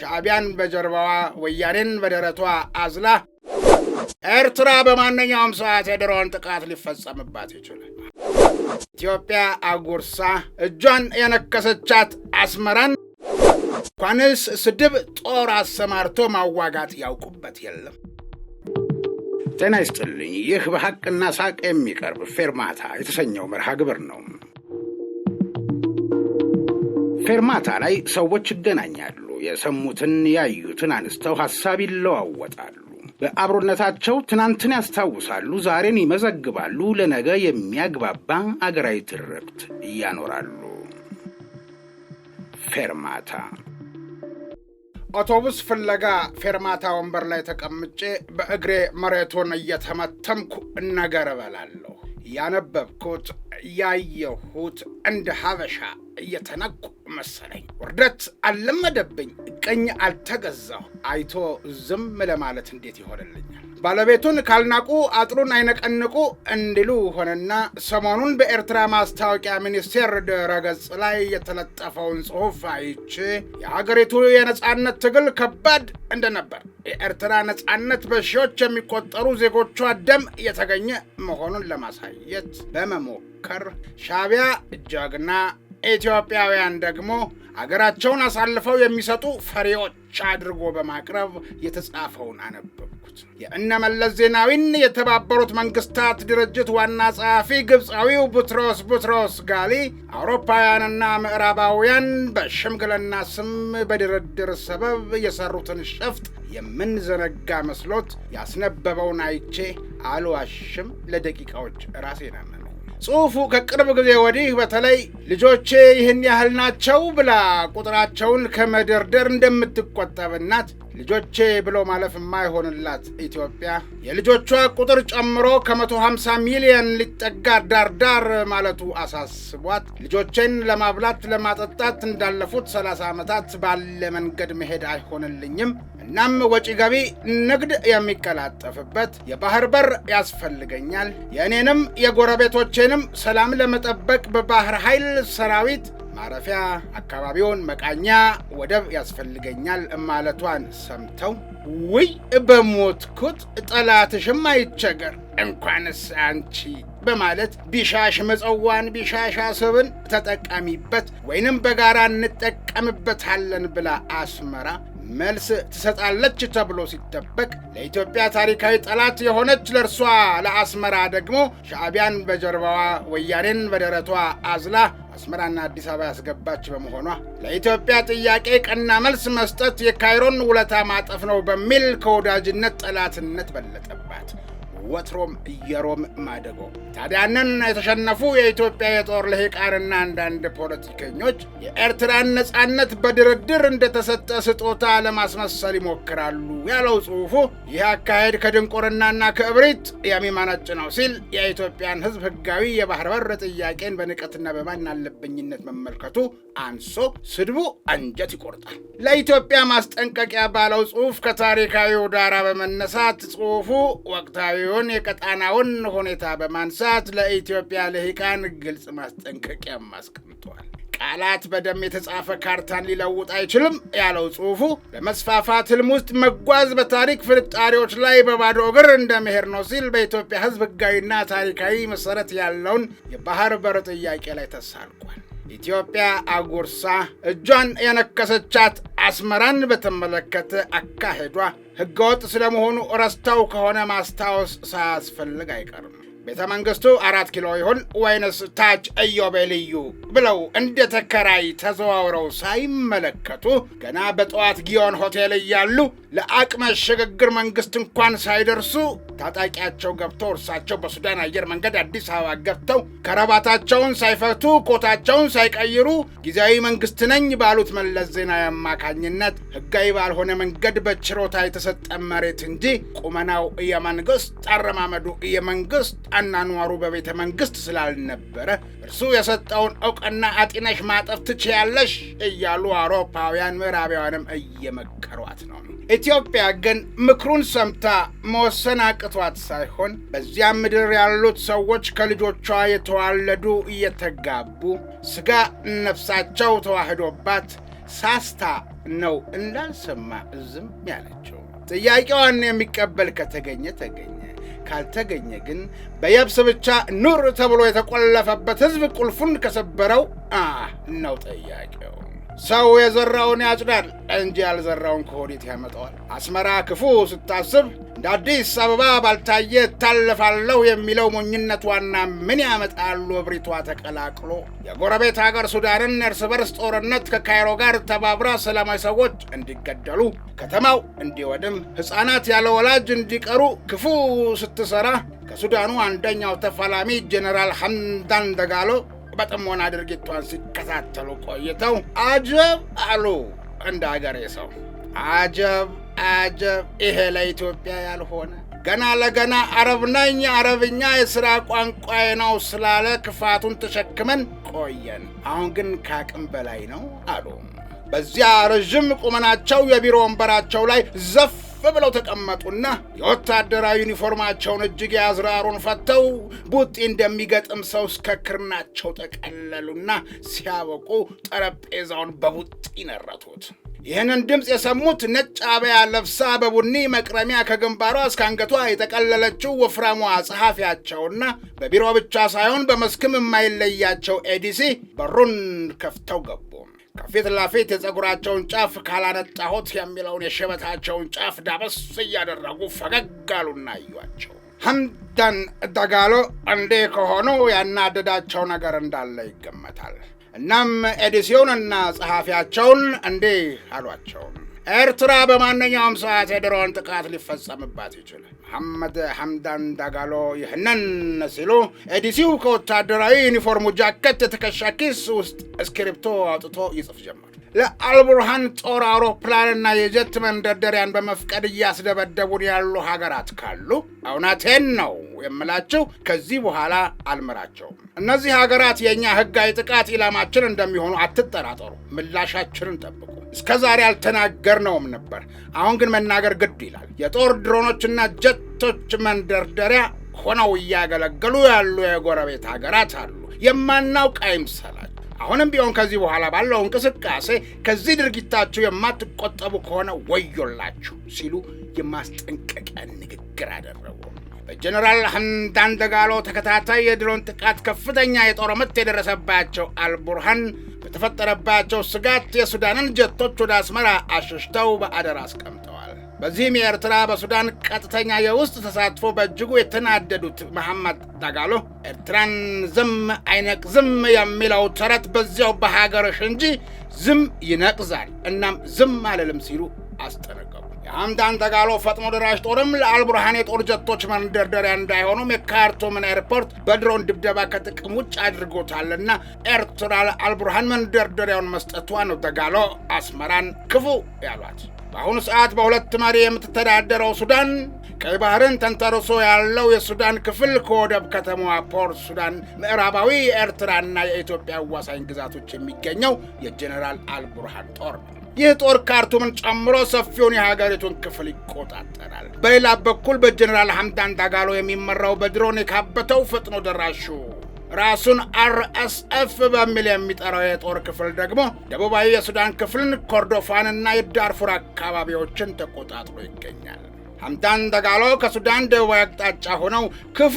ሻዕቢያን በጀርባዋ ወያኔን በደረቷ አዝላ ኤርትራ በማንኛውም ሰዓት የድሮን ጥቃት ሊፈጸምባት ይችላል። ኢትዮጵያ አጉርሳ እጇን የነከሰቻት አስመራን እንኳንስ ስድብ ጦር አሰማርቶ ማዋጋት ያውቁበት የለም። ጤና ይስጥልኝ። ይህ በሐቅና ሳቅ የሚቀርብ ፌርማታ የተሰኘው መርሃ ግብር ነው። ፌርማታ ላይ ሰዎች ይገናኛሉ የሰሙትን ያዩትን አንስተው ሐሳብ ይለዋወጣሉ። በአብሮነታቸው ትናንትን ያስታውሳሉ፣ ዛሬን ይመዘግባሉ፣ ለነገ የሚያግባባ አገራዊ ትርክት እያኖራሉ። ፌርማታ አውቶቡስ ፍለጋ ፌርማታ ወንበር ላይ ተቀምጬ በእግሬ መሬቱን እየተመተምኩ ነገር እበላለሁ። ያነበብኩት ያየሁት እንደ ሀበሻ እየተነቁ መሰለኝ። ውርደት አልለመደብኝ፣ ቀኝ አልተገዛሁ። አይቶ ዝም ለማለት እንዴት ይሆንልኛል? ባለቤቱን ካልናቁ አጥሩን አይነቀንቁ እንዲሉ ሆነና ሰሞኑን በኤርትራ ማስታወቂያ ሚኒስቴር ድረገጽ ገጽ ላይ የተለጠፈውን ጽሑፍ አይቼ የሀገሪቱ የነፃነት ትግል ከባድ እንደነበር የኤርትራ ነፃነት በሺዎች የሚቆጠሩ ዜጎቿ ደም የተገኘ መሆኑን ለማሳየት በመሞከር ሻቢያ ጀግና ኢትዮጵያውያን ደግሞ አገራቸውን አሳልፈው የሚሰጡ ፈሪዎች አድርጎ በማቅረብ የተጻፈውን አነበቡ። ያደረጉት። የእነመለስ ዜናዊን የተባበሩት መንግስታት ድርጅት ዋና ጸሐፊ ግብፃዊው ቡትሮስ ቡትሮስ ጋሊ አውሮፓውያንና ምዕራባውያን በሽምግልና ስም በድርድር ሰበብ የሰሩትን ሸፍጥ የምንዘነጋ መስሎት ያስነበበውን አይቼ አልዋሽም፣ ለደቂቃዎች ነመ ጽሑፉ ከቅርብ ጊዜ ወዲህ በተለይ ልጆቼ ይህን ያህል ናቸው ብላ ቁጥራቸውን ከመደርደር እንደምትቆጠብናት ልጆቼ ብሎ ማለፍ የማይሆንላት ኢትዮጵያ የልጆቿ ቁጥር ጨምሮ ከ150 ሚሊዮን ሊጠጋ ዳርዳር ማለቱ አሳስቧት ልጆቼን ለማብላት ለማጠጣት እንዳለፉት 30 ዓመታት ባለ መንገድ መሄድ አይሆንልኝም እናም ወጪ ገቢ ንግድ የሚቀላጠፍበት የባህር በር ያስፈልገኛል። የእኔንም የጎረቤቶቼንም ሰላም ለመጠበቅ በባህር ኃይል ሰራዊት ማረፊያ አካባቢውን መቃኛ ወደብ ያስፈልገኛል ማለቷን ሰምተው ውይ በሞትኩት ጠላትሽም አይቸገር እንኳንስ አንቺ በማለት ቢሻሽ መጸዋን ቢሻሽ አሰብን ተጠቀሚበት ወይንም በጋራ እንጠቀምበታለን ብላ አስመራ መልስ ትሰጣለች ተብሎ ሲጠበቅ ለኢትዮጵያ ታሪካዊ ጠላት የሆነች ለእርሷ ለአስመራ ደግሞ ሻዕቢያን በጀርባዋ ወያኔን በደረቷ አዝላ አስመራና አዲስ አበባ ያስገባች በመሆኗ ለኢትዮጵያ ጥያቄ ቀና መልስ መስጠት የካይሮን ውለታ ማጠፍ ነው በሚል ከወዳጅነት ጠላትነት በለጠባት። ወትሮም እየሮም ማደጎ። ታዲያንን የተሸነፉ የኢትዮጵያ የጦር ልሂቃንና አንዳንድ ፖለቲከኞች የኤርትራን ነጻነት በድርድር እንደተሰጠ ስጦታ ለማስመሰል ይሞክራሉ ያለው ጽሑፉ ይህ አካሄድ ከድንቁርናና ከእብሪት የሚመነጭ ነው ሲል የኢትዮጵያን ሕዝብ ህጋዊ የባህር በር ጥያቄን በንቀትና በማን አለብኝነት መመልከቱ አንሶ ስድቡ አንጀት ይቆርጣል። ለኢትዮጵያ ማስጠንቀቂያ ባለው ጽሑፍ ከታሪካዊው ዳራ በመነሳት ጽሑፉ ወቅታዊ ያለውን የቀጣናውን ሁኔታ በማንሳት ለኢትዮጵያ ልሂቃን ግልጽ ማስጠንቀቂያም አስቀምጠዋል። ቃላት በደም የተጻፈ ካርታን ሊለውጥ አይችልም ያለው ጽሑፉ በመስፋፋት ህልም ውስጥ መጓዝ በታሪክ ፍንጣሪዎች ላይ በባዶ እግር እንደመሄድ ነው ሲል በኢትዮጵያ ህዝብ ህጋዊና ታሪካዊ መሰረት ያለውን የባህር በር ጥያቄ ላይ ተሳልቋል። ኢትዮጵያ አጉርሳ እጇን የነከሰቻት አስመራን በተመለከተ አካሄዷ ህገወጥ ስለመሆኑ ረስተው ከሆነ ማስታወስ ሳያስፈልግ አይቀርም። ቤተ መንግስቱ አራት ኪሎ ይሁን ወይንስ ታች ኢዮቤ ልዩ ብለው እንደ ተከራይ ተዘዋውረው ሳይመለከቱ ገና በጠዋት ጊዮን ሆቴል እያሉ ለአቅመ ሽግግር መንግስት እንኳን ሳይደርሱ ታጣቂያቸው ገብተው እርሳቸው በሱዳን አየር መንገድ አዲስ አበባ ገብተው ከረባታቸውን ሳይፈቱ ኮታቸውን ሳይቀይሩ ጊዜያዊ መንግስት ነኝ ባሉት መለስ ዜናዊ አማካኝነት ህጋዊ ባልሆነ መንገድ በችሮታ የተሰጠ መሬት እንጂ ቁመናው የመንግስት አረማመዱ የመንግስት አናኗሩ በቤተ መንግስት ስላልነበረ እርሱ የሰጠውን እውቅና አጢነሽ ማጠፍ ትችያለሽ እያሉ አውሮፓውያን ምዕራባውያንም እየመከሯት ነው። ኢትዮጵያ ግን ምክሩን ሰምታ መወሰን አቅቷት ሳይሆን በዚያም ምድር ያሉት ሰዎች ከልጆቿ የተዋለዱ እየተጋቡ ሥጋ ነፍሳቸው ተዋህዶባት ሳስታ ነው እንዳልሰማ ዝም ያለችው። ጥያቄዋን የሚቀበል ከተገኘ ተገኘ፣ ካልተገኘ ግን በየብስ ብቻ ኑር ተብሎ የተቆለፈበት ሕዝብ ቁልፉን ከሰበረው አ ነው ጥያቄው። ሰው የዘራውን ያጭዳል እንጂ ያልዘራውን ከወዴት ያመጣዋል? አስመራ ክፉ ስታስብ እንደ አዲስ አበባ ባልታየ እታለፋለሁ የሚለው ሞኝነት ዋና ምን ያመጣሉ? እብሪቷ ተቀላቅሎ የጎረቤት ሀገር ሱዳንን እርስ በርስ ጦርነት ከካይሮ ጋር ተባብራ ሰላማዊ ሰዎች እንዲገደሉ፣ ከተማው እንዲወድም፣ ሕፃናት ያለ ወላጅ እንዲቀሩ ክፉ ስትሰራ ከሱዳኑ አንደኛው ተፋላሚ ጄኔራል ሐምዳን ደጋሎ በጥሞና ድርጊቷን ሲከታተሉ ቆይተው አጀብ አሉ። እንደ አገሬ ሰው አጀብ አጀብ፣ ይሄ ለኢትዮጵያ ያልሆነ ገና ለገና አረብ ነኝ አረብኛ የሥራ ቋንቋዬ ነው ስላለ ክፋቱን ተሸክመን ቆየን። አሁን ግን ከአቅም በላይ ነው አሉ። በዚያ ረዥም ቁመናቸው የቢሮ ወንበራቸው ላይ ዘፍ ብለው ተቀመጡና የወታደራዊ ዩኒፎርማቸውን እጅጌ አዝራሩን ፈተው ቡጢ እንደሚገጥም ሰው እስከ ክርናቸው ተቀለሉና ሲያበቁ ጠረጴዛውን በቡጢ ነረቱት። ይህንን ድምፅ የሰሙት ነጭ አበያ ለብሳ በቡኒ መቅረሚያ ከግንባሯ እስከ አንገቷ የጠቀለለችው ወፍራሟ ጸሐፊያቸውና በቢሮ ብቻ ሳይሆን በመስክም የማይለያቸው ኤዲሲ በሩን ከፍተው ገቡ። ከፊት ለፊት የፀጉራቸውን ጫፍ ካላነጣሁት የሚለውን የሽበታቸውን ጫፍ ዳበስ እያደረጉ ፈገግ አሉና አዩአቸው። ሐምዳን ደጋሎ እንዲህ ከሆኑ ያናደዳቸው ነገር እንዳለ ይገመታል። እናም ኤዲሲዮንና ጸሐፊያቸውን እንዲህ አሏቸውም ኤርትራ በማንኛውም ሰዓት የድሮን ጥቃት ሊፈጸምባት ይችላል። መሐመድ ሐምዳን ዳጋሎ ይህንን ሲሉ ኤዲሲው ከወታደራዊ ዩኒፎርሙ ጃኬት ትከሻ ኪስ ውስጥ እስክሪብቶ አውጥቶ ይጽፍ ጀመር። ለአልቡርሃን ጦር አውሮፕላንና የጀት መንደርደሪያን በመፍቀድ እያስደበደቡን ያሉ ሀገራት ካሉ እውነቴን ነው የምላቸው፣ ከዚህ በኋላ አልምራቸውም። እነዚህ ሀገራት የእኛ ህጋዊ ጥቃት ኢላማችን እንደሚሆኑ አትጠራጠሩ። ምላሻችንን ጠብቁ። እስከ ዛሬ አልተናገርነውም ነበር፣ አሁን ግን መናገር ግድ ይላል። የጦር ድሮኖችና ጀቶች መንደርደሪያ ሆነው እያገለገሉ ያሉ የጎረቤት ሀገራት አሉ። የማናውቅ አይምሰላል። አሁንም ቢሆን ከዚህ በኋላ ባለው እንቅስቃሴ ከዚህ ድርጊታችሁ የማትቆጠቡ ከሆነ ወዮላችሁ ሲሉ የማስጠንቀቂያ ንግግር አደረጉ። በጀኔራል ሐምዳን ደጋሎ ተከታታይ የድሮን ጥቃት ከፍተኛ የጦር ምት የደረሰባቸው አልቡርሃን በተፈጠረባቸው ስጋት የሱዳንን ጀቶች ወደ አስመራ አሸሽተው በአደራ አስቀምጠ በዚህም የኤርትራ በሱዳን ቀጥተኛ የውስጥ ተሳትፎ በእጅጉ የተናደዱት መሐመድ ዳጋሎ ኤርትራን ዝም አይነቅዝም የሚለው ተረት በዚያው በሀገርሽ እንጂ ዝም ይነቅዛል፣ እናም ዝም አልልም ሲሉ አስጠነቀቁ። የሐምዳን ዳጋሎ ፈጥኖ ደራሽ ጦርም ለአልቡርሃን የጦር ጀቶች መንደርደሪያ እንዳይሆኑም የካርቱምን ኤርፖርት በድሮን ድብደባ ከጥቅም ውጭ አድርጎታልና ኤርትራ ለአልቡርሃን መንደርደሪያውን መስጠቷ ነው ዳጋሎ አስመራን ክፉ ያሏት። በአሁኑ ሰዓት በሁለት መሪ የምትተዳደረው ሱዳን ቀይ ባህርን ተንተርሶ ያለው የሱዳን ክፍል ከወደብ ከተማዋ ፖርት ሱዳን፣ ምዕራባዊ የኤርትራና የኢትዮጵያ አዋሳኝ ግዛቶች የሚገኘው የጄኔራል አልቡርሃን ጦር ነው። ይህ ጦር ካርቱምን ጨምሮ ሰፊውን የሀገሪቱን ክፍል ይቆጣጠራል። በሌላ በኩል በጀኔራል ሐምዳን ዳጋሎ የሚመራው በድሮን የካበተው ፈጥኖ ደራሹ ራሱን አርኤስኤፍ በሚል የሚጠራው የጦር ክፍል ደግሞ ደቡባዊ የሱዳን ክፍልን ኮርዶፋንና የዳርፉር አካባቢዎችን ተቆጣጥሮ ይገኛል። ሐምዳን ደጋሎ ከሱዳን ደቡባዊ አቅጣጫ ሆነው ክፉ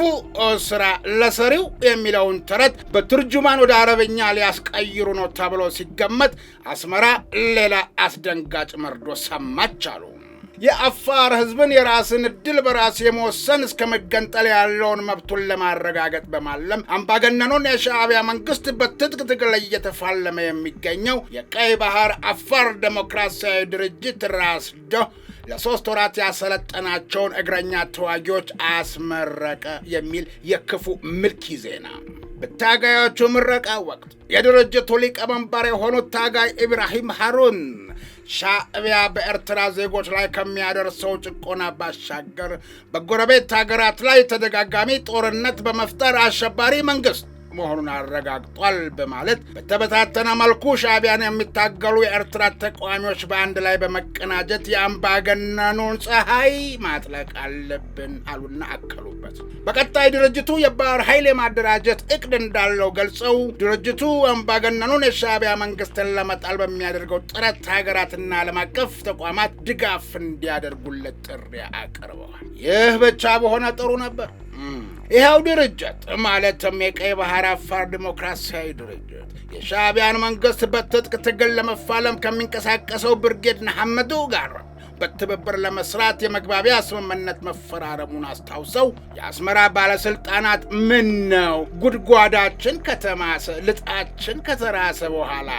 ስራ ለሰሪው የሚለውን ተረት በትርጁማን ወደ አረብኛ ሊያስቀይሩ ነው ተብሎ ሲገመት አስመራ ሌላ አስደንጋጭ መርዶ ሰማች አሉ። የአፋር ህዝብን የራስን እድል በራስ የመወሰን እስከ መገንጠል ያለውን መብቱን ለማረጋገጥ በማለም አምባገነኑን የሻዕቢያ መንግስት በትጥቅ ትግል እየተፋለመ የሚገኘው የቀይ ባህር አፋር ዴሞክራሲያዊ ድርጅት ዶ ለሶስት ወራት ያሰለጠናቸውን እግረኛ ተዋጊዎች አስመረቀ የሚል የክፉ ምልኪ ዜና። በታጋዮቹ ምረቃ ወቅት የድርጅቱ ሊቀመንበር የሆኑት ታጋይ ኢብራሂም ሐሩን ሻዕቢያ በኤርትራ ዜጎች ላይ ከሚያደርሰው ጭቆና ባሻገር በጎረቤት ሀገራት ላይ ተደጋጋሚ ጦርነት በመፍጠር አሸባሪ መንግስት መሆኑን አረጋግጧል በማለት በተበታተነ መልኩ ሻቢያን የሚታገሉ የኤርትራ ተቃዋሚዎች በአንድ ላይ በመቀናጀት የአምባገነኑን ፀሐይ ማጥለቅ አለብን አሉና አከሉበት። በቀጣይ ድርጅቱ የባህር ኃይል የማደራጀት እቅድ እንዳለው ገልጸው ድርጅቱ አምባገነኑን የሻቢያ መንግስትን ለመጣል በሚያደርገው ጥረት ሀገራትና ዓለም አቀፍ ተቋማት ድጋፍ እንዲያደርጉለት ጥሪ አቅርበዋል። ይህ ብቻ በሆነ ጥሩ ነበር። ይኸው ድርጅት ማለትም የቀይ ባህር አፋር ዲሞክራሲያዊ ድርጅት የሻዕቢያን መንግሥት በትጥቅ ትግል ለመፋለም ከሚንቀሳቀሰው ብርጌድ ነሐመዱ ጋር በትብብር ለመስራት የመግባቢያ ስምምነት መፈራረሙን አስታውሰው የአስመራ ባለስልጣናት ምን ነው ጉድጓዳችን ከተማሰ ልጣችን ከተራሰ በኋላ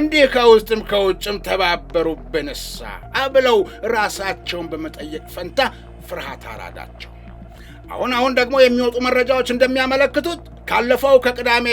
እንዲህ ከውስጥም ከውጭም ተባበሩብንሳ አብለው ራሳቸውን በመጠየቅ ፈንታ ፍርሃት አራዳቸው። አሁን አሁን ደግሞ የሚወጡ መረጃዎች እንደሚያመለክቱት ካለፈው ከቅዳሜ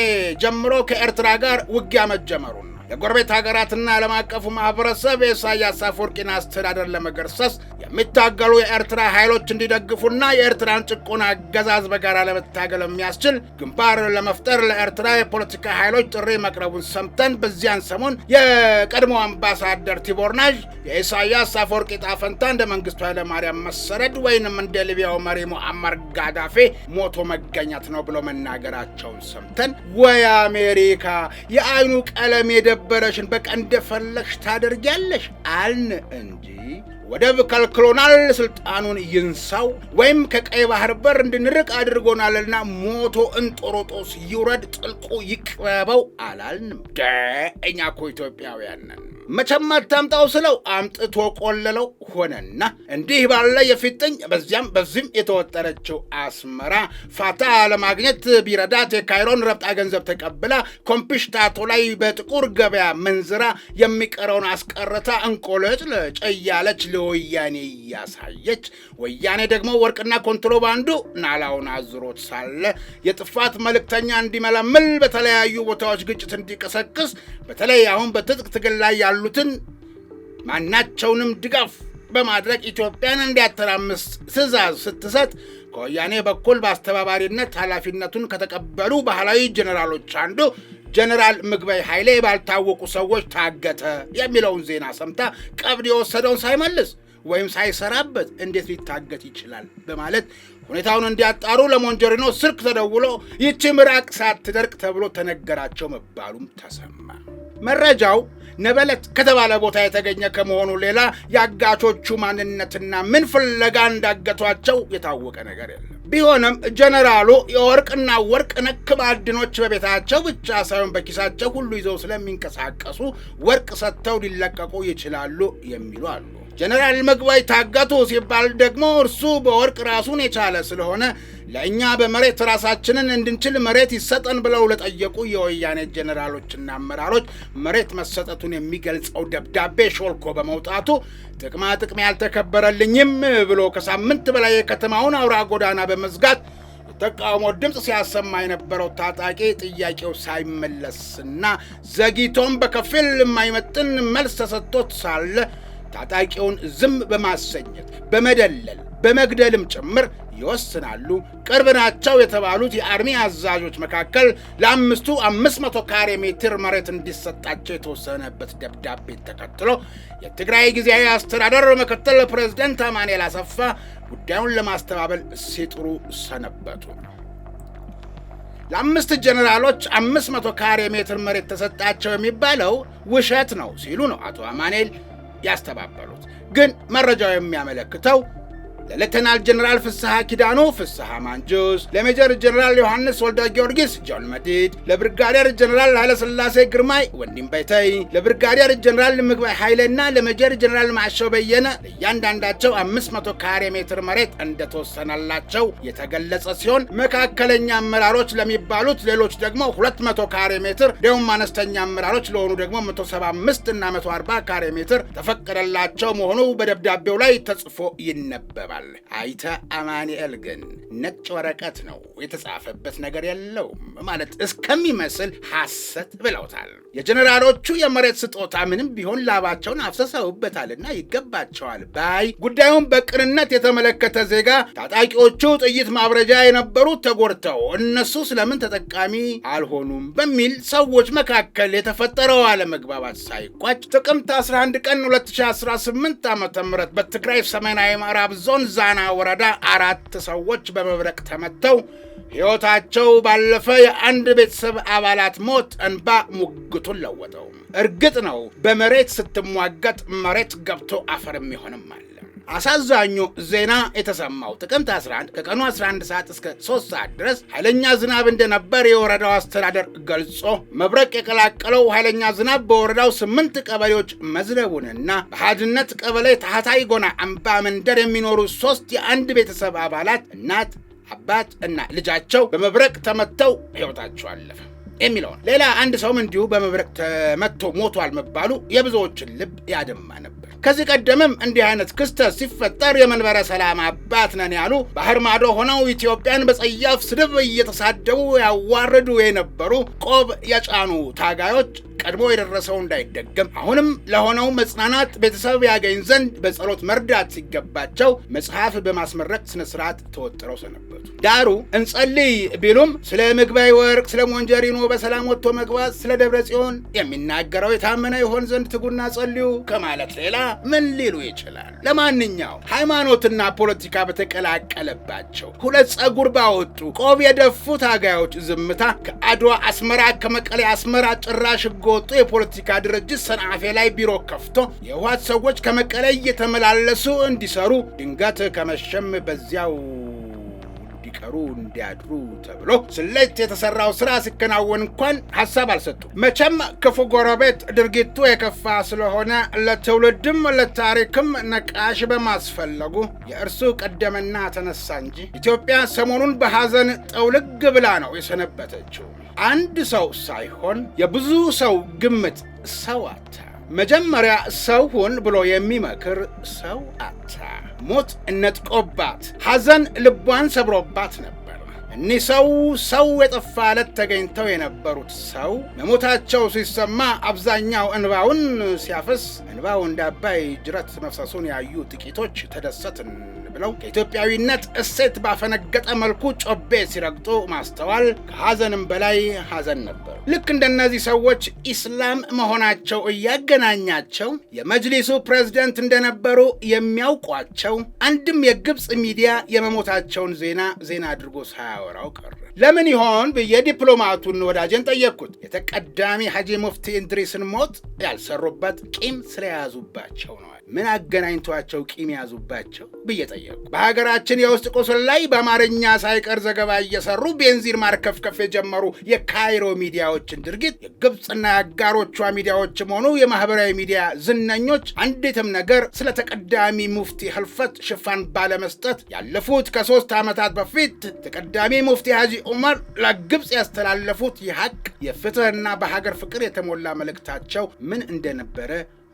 ጀምሮ ከኤርትራ ጋር ውጊያ መጀመሩን የጎረቤት ሀገራትና ዓለም አቀፉ ማህበረሰብ የኢሳያስ አፈወርቂን አስተዳደር ለመገርሰስ የሚታገሉ የኤርትራ ኃይሎች እንዲደግፉና የኤርትራን ጭቆና አገዛዝ በጋራ ለመታገል የሚያስችል ግንባር ለመፍጠር ለኤርትራ የፖለቲካ ኃይሎች ጥሪ መቅረቡን ሰምተን በዚያን ሰሞን የቀድሞ አምባሳደር ቲቦርናዥ የኢሳያስ አፈወርቂ ጣፈንታ እንደ መንግስቱ ኃይለማርያም መሰረድ ወይንም እንደ ሊቢያው መሪ ሙአመር ጋዳፌ ሞቶ መገኘት ነው ብሎ መናገራቸውን ሰምተን ወይ አሜሪካ የአይኑ ቀለም የደ የነበረሽን በቃ እንደፈለግሽ ታደርጊያለሽ አልን እንጂ ወደብ ከልክሎናል፣ ስልጣኑን ይንሳው ወይም ከቀይ ባህር በር እንድንርቅ አድርጎናልና ሞቶ እንጦሮጦስ ይውረድ፣ ጥልቁ ይቅረበው አላልንም። እኛ እኮ ኢትዮጵያውያን ነን። መቼም አታምጣው ስለው አምጥቶ ቆለለው ሆነና እንዲህ ባለ የፊጥኝ በዚያም በዚህም የተወጠረችው አስመራ ፋታ ለማግኘት ቢረዳት የካይሮን ረብጣ ገንዘብ ተቀብላ ኮምፒሽታቶ ላይ በጥቁር ገበያ መንዝራ የሚቀረውን አስቀርታ እንቆለጭ ለጨያለች ለወያኔ እያሳየች ወያኔ ደግሞ ወርቅና ኮንትሮባንዱ ናላውን አዝሮት ሳለ የጥፋት መልእክተኛ እንዲመለምል በተለያዩ ቦታዎች ግጭት እንዲቀሰቅስ በተለይ አሁን በትጥቅ ትግል ላይ ያሉ ያሉትን ማናቸውንም ድጋፍ በማድረግ ኢትዮጵያን እንዲያተራምስ ትዕዛዝ ስትሰጥ ከወያኔ በኩል በአስተባባሪነት ኃላፊነቱን ከተቀበሉ ባህላዊ ጀኔራሎች አንዱ ጀኔራል ምግበይ ኃይሌ ባልታወቁ ሰዎች ታገተ የሚለውን ዜና ሰምታ ቀብድ የወሰደውን ሳይመልስ ወይም ሳይሰራበት እንዴት ሊታገት ይችላል? በማለት ሁኔታውን እንዲያጣሩ ለሞንጆሪኖ ስልክ ተደውሎ ይቺ ምራቅ ሳትደርቅ ተብሎ ተነገራቸው መባሉም ተሰማ። መረጃው ነበለት ከተባለ ቦታ የተገኘ ከመሆኑ ሌላ የአጋቾቹ ማንነትና ምን ፍለጋ እንዳገቷቸው የታወቀ ነገር የለም። ቢሆንም ጀነራሉ የወርቅና ወርቅ ነክ ማዕድኖች በቤታቸው ብቻ ሳይሆን በኪሳቸው ሁሉ ይዘው ስለሚንቀሳቀሱ ወርቅ ሰጥተው ሊለቀቁ ይችላሉ የሚሉ አሉ። ጀነራል ምግባይ ታገቱ ሲባል ደግሞ እርሱ በወርቅ ራሱን የቻለ ስለሆነ ለእኛ በመሬት ራሳችንን እንድንችል መሬት ይሰጠን ብለው ለጠየቁ የወያኔ ጀነራሎችና አመራሮች መሬት መሰጠቱን የሚገልጸው ደብዳቤ ሾልኮ በመውጣቱ ጥቅማ ጥቅሜ ያልተከበረልኝም ብሎ ከሳምንት በላይ የከተማውን አውራ ጎዳና በመዝጋት ተቃውሞ ድምፅ ሲያሰማ የነበረው ታጣቂ ጥያቄው ሳይመለስና ዘግይቶም በከፊል የማይመጥን መልስ ተሰጥቶት ሳለ ታጣቂውን ዝም በማሰኘት በመደለል በመግደልም ጭምር ይወስናሉ። ቅርብ ናቸው የተባሉት የአርሚ አዛዦች መካከል ለአምስቱ 500 ካሬ ሜትር መሬት እንዲሰጣቸው የተወሰነበት ደብዳቤ ተከትሎ የትግራይ ጊዜያዊ አስተዳደር ምክትል ፕሬዝደንት አማኑኤል አሰፋ ጉዳዩን ለማስተባበል ሲጥሩ ሰነበቱ። ለአምስት ጀኔራሎች 500 ካሬ ሜትር መሬት ተሰጣቸው የሚባለው ውሸት ነው ሲሉ ነው አቶ አማኑኤል ያስተባበሉት። ግን መረጃው የሚያመለክተው ለሌተናል ጀኔራል ፍስሐ ኪዳኑ ፍስሐ ማንጁስ፣ ለሜጀር ጀኔራል ዮሐንስ ወልደ ጊዮርጊስ ጆን መዲድ፣ ለብርጋዴር ጀኔራል ኃይለሥላሴ ግርማይ ወንዲም በይተይ፣ ለብርጋዴር ጀኔራል ምግባይ ኃይለና ለሜጀር ጀኔራል ማዕሸው በየነ ለእያንዳንዳቸው 500 ካሬ ሜትር መሬት እንደተወሰነላቸው የተገለጸ ሲሆን መካከለኛ አመራሮች ለሚባሉት ሌሎች ደግሞ 200 ካሬ ሜትር እንዲሁም አነስተኛ አመራሮች ለሆኑ ደግሞ 175 እና 140 ካሬ ሜትር ተፈቀደላቸው መሆኑ በደብዳቤው ላይ ተጽፎ ይነበባል። ጽፏል። አይተ አማኑኤል ግን ነጭ ወረቀት ነው፣ የተጻፈበት ነገር የለውም ማለት እስከሚመስል ሐሰት ብለውታል። የጀኔራሎቹ የመሬት ስጦታ ምንም ቢሆን ላባቸውን አፍሰሰውበታልና ይገባቸዋል ባይ ጉዳዩን በቅንነት የተመለከተ ዜጋ ታጣቂዎቹ ጥይት ማብረጃ የነበሩት ተጎድተው እነሱ ስለምን ተጠቃሚ አልሆኑም በሚል ሰዎች መካከል የተፈጠረው አለመግባባት ሳይቋጭ ጥቅምት 11 ቀን 2018 ዓ ም በትግራይ ሰሜናዊ ምዕራብ ዞን ዛና ወረዳ አራት ሰዎች በመብረቅ ተመተው ሕይወታቸው ባለፈ የአንድ ቤተሰብ አባላት ሞት እንባ ሙግቱን ለወጠው። እርግጥ ነው በመሬት ስትሟገጥ መሬት ገብቶ አፈር የሚሆንም አለ። አሳዛኙ ዜና የተሰማው ጥቅምት 11 ከቀኑ 11 ሰዓት እስከ 3 ሰዓት ድረስ ኃይለኛ ዝናብ እንደነበር የወረዳው አስተዳደር ገልጾ መብረቅ የቀላቀለው ኃይለኛ ዝናብ በወረዳው ስምንት ቀበሌዎች መዝነቡንና በሀድነት ቀበሌ ታህታይ ጎና አምባ መንደር የሚኖሩ ሶስት የአንድ ቤተሰብ አባላት እናት፣ አባት እና ልጃቸው በመብረቅ ተመተው ሕይወታቸው አለፈ የሚለውን ሌላ አንድ ሰውም እንዲሁ በመብረቅ ተመቶ ሞቷል መባሉ የብዙዎችን ልብ ያደማ ነበር። ከዚህ ቀደምም እንዲህ አይነት ክስተት ሲፈጠር የመንበረ ሰላም አባት ነን ያሉ ባህር ማዶ ሆነው ኢትዮጵያን በጸያፍ ስድብ እየተሳደቡ ያዋረዱ የነበሩ ቆብ የጫኑ ታጋዮች ቀድሞ የደረሰው እንዳይደገም አሁንም ለሆነው መጽናናት ቤተሰብ ያገኝ ዘንድ በጸሎት መርዳት ሲገባቸው መጽሐፍ በማስመረቅ ስነ ስርዓት ተወጥረው ሰነበቱ። ዳሩ እንጸልይ ቢሉም ስለ ምግባይ ወርቅ፣ ስለ ሞንጀሪኖ በሰላም ወጥቶ መግባት፣ ስለ ደብረ ጽዮን የሚናገረው የታመነ ይሆን ዘንድ ትጉና ጸልዩ ከማለት ሌላ ምን ሊሉ ይችላል? ለማንኛውም ሃይማኖትና ፖለቲካ በተቀላቀለባቸው ሁለት ጸጉር ባወጡ ቆብ የደፉ ታጋዮች ዝምታ ከአድዋ አስመራ፣ ከመቀሌ አስመራ ጭራሽ ህገወጡ የፖለቲካ ድርጅት ሰንአፌ ላይ ቢሮ ከፍቶ የህወሓት ሰዎች ከመቀሌ እየተመላለሱ እንዲሰሩ ድንገት ከመሸም በዚያው እንዲሰሩ እንዲያድሩ ተብሎ ስሌት የተሰራው ስራ ሲከናወን እንኳን ሀሳብ አልሰጡም። መቼም ክፉ ጎረቤት ድርጊቱ የከፋ ስለሆነ ለትውልድም ለታሪክም ነቃሽ በማስፈለጉ የእርሱ ቀደመና ተነሳ እንጂ ኢትዮጵያ ሰሞኑን በሐዘን ጠውልግ ብላ ነው የሰነበተችው። አንድ ሰው ሳይሆን የብዙ ሰው ግምት ሰው አታ መጀመሪያ ሰው ሁን ብሎ የሚመክር ሰው አታ ሞት እነጥቆባት ሐዘን ልቧን ሰብሮባት ነበር። እኒህ ሰው ሰው የጠፋ ዕለት ተገኝተው የነበሩት ሰው መሞታቸው ሲሰማ አብዛኛው እንባውን ሲያፈስ እንባው እንደ አባይ ጅረት መፍሰሱን ያዩ ጥቂቶች ተደሰትን ብለው ከኢትዮጵያዊነት እሴት ባፈነገጠ መልኩ ጮቤ ሲረግጡ ማስተዋል ከሐዘንም በላይ ሐዘን ነበር። ልክ እንደነዚህ ሰዎች ኢስላም መሆናቸው እያገናኛቸው የመጅሊሱ ፕሬዝደንት እንደነበሩ የሚያውቋቸው አንድም የግብፅ ሚዲያ የመሞታቸውን ዜና ዜና አድርጎ ሳያወ ሳያወራው ቀረ። ለምን ይሆን ብዬ ዲፕሎማቱን ወዳጀን ጠየቅኩት። የተቀዳሚ ሐጂ ሙፍቲ እንድሪስን ሞት ያልሰሩበት ቂም ስለያዙባቸው ነው። ምን አገናኝቷቸው ቂም ያዙባቸው ብዬ ጠየቁ። በሀገራችን የውስጥ ቁስል ላይ በአማርኛ ሳይቀር ዘገባ እየሰሩ ቤንዚን ማርከፍከፍ የጀመሩ የካይሮ ሚዲያዎችን ድርጊት የግብፅና የአጋሮቿ ሚዲያዎችም ሆኑ የማህበራዊ ሚዲያ ዝነኞች አንዲትም ነገር ስለ ተቀዳሚ ሙፍቲ ህልፈት ሽፋን ባለመስጠት ያለፉት ከሶስት ዓመታት በፊት ተቀዳሚ ሙፍቲ ሀጂ ዑመር ለግብፅ ያስተላለፉት የሀቅ የፍትህና በሀገር ፍቅር የተሞላ መልእክታቸው ምን እንደነበረ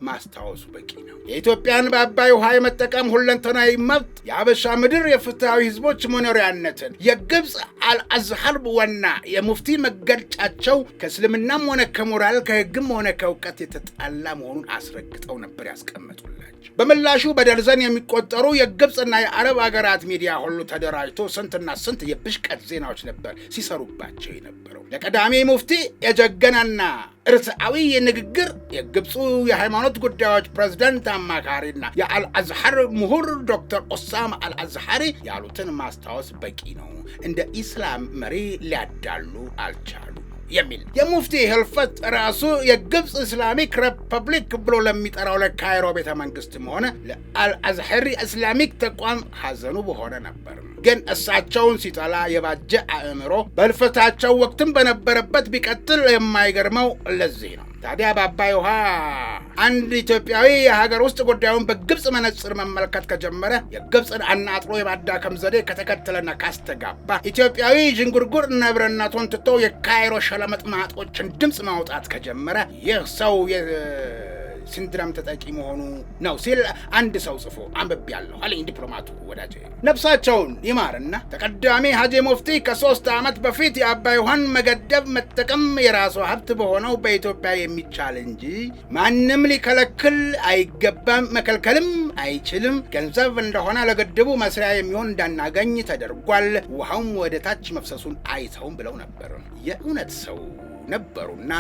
ማስታወሱ በቂ ነው። የኢትዮጵያን በአባይ ውሃ የመጠቀም ሁለንተናዊ መብት የአበሻ ምድር የፍትሐዊ ህዝቦች መኖሪያነትን የግብፅ አልአዝሃር ዋና የሙፍቲ መገልጫቸው ከእስልምናም ሆነ ከሞራል ከህግም ሆነ ከእውቀት የተጣላ መሆኑን አስረግጠው ነበር ያስቀመጡላቸው። በምላሹ በደርዘን የሚቆጠሩ የግብፅና የአረብ አገራት ሚዲያ ሁሉ ተደራጅቶ ስንትና ስንት የብሽቀት ዜናዎች ነበር ሲሰሩባቸው የነበረው ለቀዳሚ ሙፍቲ የጀገናና እርስዓዊ ንግግር የግብፁ የሃይማኖት ጉዳዮች ፕሬዝደንት አማካሪና የአልአዝሐር ምሁር ዶክተር ኦሳማ አልአዝሐሪ ያሉትን ማስታወስ በቂ ነው። እንደ ኢስላም መሪ ሊያዳሉ አልቻሉ። የሚል የሙፍቲ ህልፈት ራሱ የግብፅ ኢስላሚክ ሪፐብሊክ ብሎ ለሚጠራው ለካይሮ ቤተ መንግስትም ሆነ ለአልአዝሐሪ እስላሚክ ተቋም ሐዘኑ በሆነ ነበር። ግን እሳቸውን ሲጠላ የባጀ አእምሮ በልፈታቸው ወቅትም በነበረበት ቢቀጥል የማይገርመው ለዚህ ነው። ታዲያ በአባይ ውሃ አንድ ኢትዮጵያዊ የሀገር ውስጥ ጉዳዩን በግብፅ መነጽር መመልከት ከጀመረ የግብፅን አናጥሮ የማዳከም ዘዴ ከተከተለና ካስተጋባ ኢትዮጵያዊ ዥንጉርጉር ነብርነቱን ትቶ የካይሮ ሸለመጥማጦችን ድምፅ ማውጣት ከጀመረ ይህ ሰው ሲንድረም ተጠቂ መሆኑ ነው ሲል አንድ ሰው ጽፎ አንብቤ ያለሁ አለኝ ዲፕሎማቱ ወዳጅ። ነፍሳቸውን ይማርና ተቀዳሚ ሀጂ ሙፍቲ ከሶስት ዓመት በፊት የአባይ ውሃን መገደብ መጠቀም የራሱ ሀብት በሆነው በኢትዮጵያ የሚቻል እንጂ ማንም ሊከለክል አይገባም፣ መከልከልም አይችልም። ገንዘብ እንደሆነ ለግድቡ መስሪያ የሚሆን እንዳናገኝ ተደርጓል። ውሃውም ወደ ታች መፍሰሱን አይተውም ብለው ነበር። የእውነት ሰው ነበሩና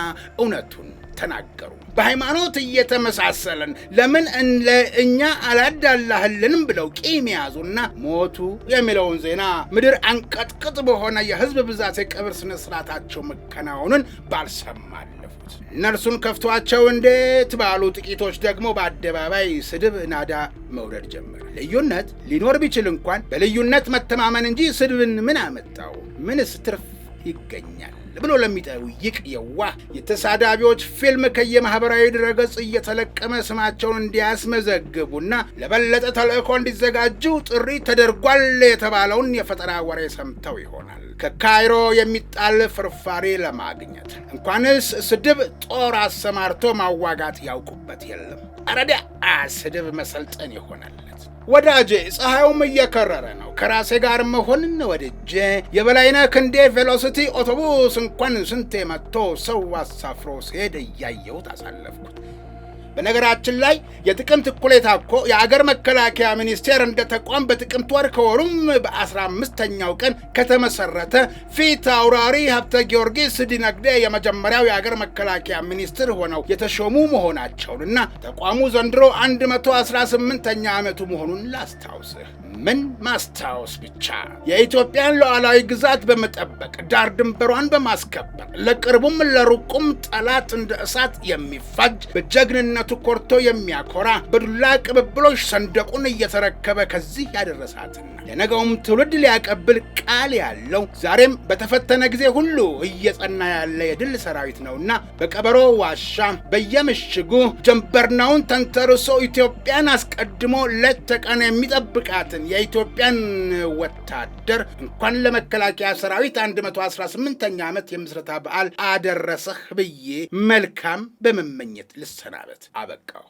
እውነቱን ተናገሩ። በሃይማኖት እየተመሳሰልን ለምን ለእኛ አላዳላህልንም ብለው ቂም ያዙና ሞቱ የሚለውን ዜና ምድር አንቀጥቅጥ በሆነ የህዝብ ብዛት የቀብር ስነ ስርዓታቸው መከናወኑን ባልሰማለፉት እነርሱን ከፍቷቸው እንዴት ባሉ ጥቂቶች ደግሞ በአደባባይ ስድብ ናዳ መውረድ ጀመረ። ልዩነት ሊኖር ቢችል እንኳን በልዩነት መተማመን እንጂ ስድብን ምን አመጣው? ምንስ ትርፍ ይገኛል? ብሎ ለሚጠይቅ የዋ የተሳዳቢዎች ፊልም ከየማህበራዊ ድረገጽ እየተለቀመ ስማቸውን እንዲያስመዘግቡና ለበለጠ ተልእኮ እንዲዘጋጁ ጥሪ ተደርጓል የተባለውን የፈጠራ ወሬ ሰምተው ይሆናል ከካይሮ የሚጣል ፍርፋሪ ለማግኘት እንኳንስ ስድብ ጦር አሰማርቶ ማዋጋት ያውቁበት የለም። አረዳ ስድብ መሰልጠን ይሆናለት። ወዳጄ ፀሐዩም እየከረረ ነው። ከራሴ ጋር መሆንን ወድጄ የበላይነህ ክንዴ ቬሎሲቲ አውቶቡስ እንኳን ስንቴ መጥቶ ሰው አሳፍሮ ሲሄድ እያየሁት አሳለፍኩት። በነገራችን ላይ የጥቅምት እኩሌታ እኮ የአገር መከላከያ ሚኒስቴር እንደ ተቋም በጥቅምት ወር ከወሩም በአስራ አምስተኛው ቀን ከተመሰረተ ፊት አውራሪ ሀብተ ጊዮርጊስ ዲነግዴ የመጀመሪያው የአገር መከላከያ ሚኒስትር ሆነው የተሾሙ መሆናቸውንና ተቋሙ ዘንድሮ 118ኛ ዓመቱ መሆኑን ላስታውስህ። ምን ማስታወስ ብቻ የኢትዮጵያን ሉዓላዊ ግዛት በመጠበቅ ዳር ድንበሯን በማስከበር ለቅርቡም ለሩቁም ጠላት እንደ እሳት የሚፋጅ በጀግንነት በእውነቱ ኮርቶ የሚያኮራ በዱላ ቅብብሎች ሰንደቁን እየተረከበ ከዚህ ያደረሳትና ለነገውም ትውልድ ሊያቀብል ቃል ያለው ዛሬም በተፈተነ ጊዜ ሁሉ እየጸና ያለ የድል ሰራዊት ነውና በቀበሮ ዋሻ በየምሽጉ ጀንበርናውን ተንተርሶ ኢትዮጵያን አስቀድሞ ሌት ተቀን የሚጠብቃትን የኢትዮጵያን ወታደር እንኳን ለመከላከያ ሰራዊት 118ኛ ዓመት የምስረታ በዓል አደረሰህ ብዬ መልካም በመመኘት ልሰናበት። አበቃው።